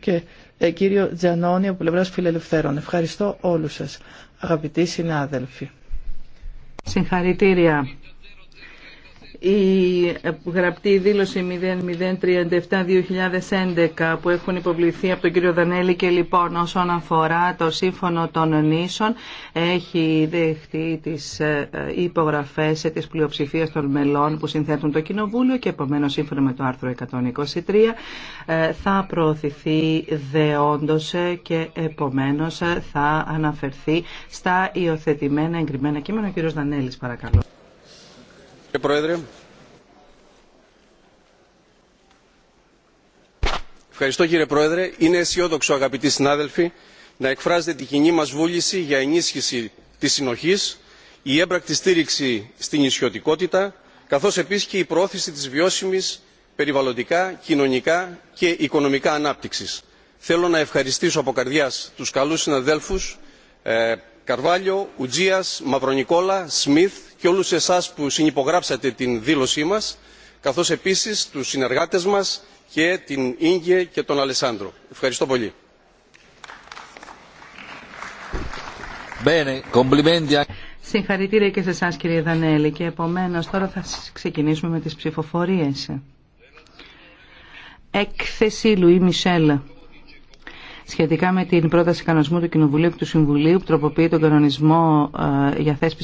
και ε, κύριο Τζανόνι από πλευράς Φιλελευθέρων. Ευχαριστώ όλους σας, αγαπητοί συνάδελφοι. Συγχαρητήρια η γραπτή δήλωση 0037-2011 που έχουν υποβληθεί από τον κύριο Δανέλη και λοιπόν όσον αφορά το σύμφωνο των νήσων έχει δεχτεί τις ε, υπογραφές ε, της πλειοψηφίας των μελών που συνθέτουν το Κοινοβούλιο και επομένως σύμφωνα με το άρθρο 123 ε, θα προωθηθεί δεόντως και επομένως θα αναφερθεί στα υιοθετημένα εγκριμένα κείμενα. Ο κύριος Δανέλης παρακαλώ. Κύριε Πρόεδρε, Ευχαριστώ κύριε Πρόεδρε. Είναι αισιόδοξο αγαπητοί συνάδελφοι να εκφράζεται τη κοινή μας βούληση για ενίσχυση της συνοχής, η έμπρακτη στήριξη στην ισιωτικότητα, καθώς επίσης και η προώθηση της βιώσιμης περιβαλλοντικά, κοινωνικά και οικονομικά ανάπτυξης. Θέλω να ευχαριστήσω από καρδιάς τους καλούς συναδέλφους ε, καρβάλιο ουτζίας μαυρονικόλα σμιθ και όλους εσάς που συνυπογράψατε την δήλωσή μας καθώς επίσης τους συνεργάτες μας και την Ίνγκε και τον αλεσάνδρο. Ευχαριστώ πολύ. Συγχαρητήρια και σε εσά κύριε Δανέλη και επομένως τώρα θα ξεκινήσουμε με τις ψηφοφορίες. Έκθεση Λουί Μισελα σχετικά με την πρόταση κανονισμού του Κοινοβουλίου και του Συμβουλίου που τροποποιεί τον κανονισμό ε, για θέσπιση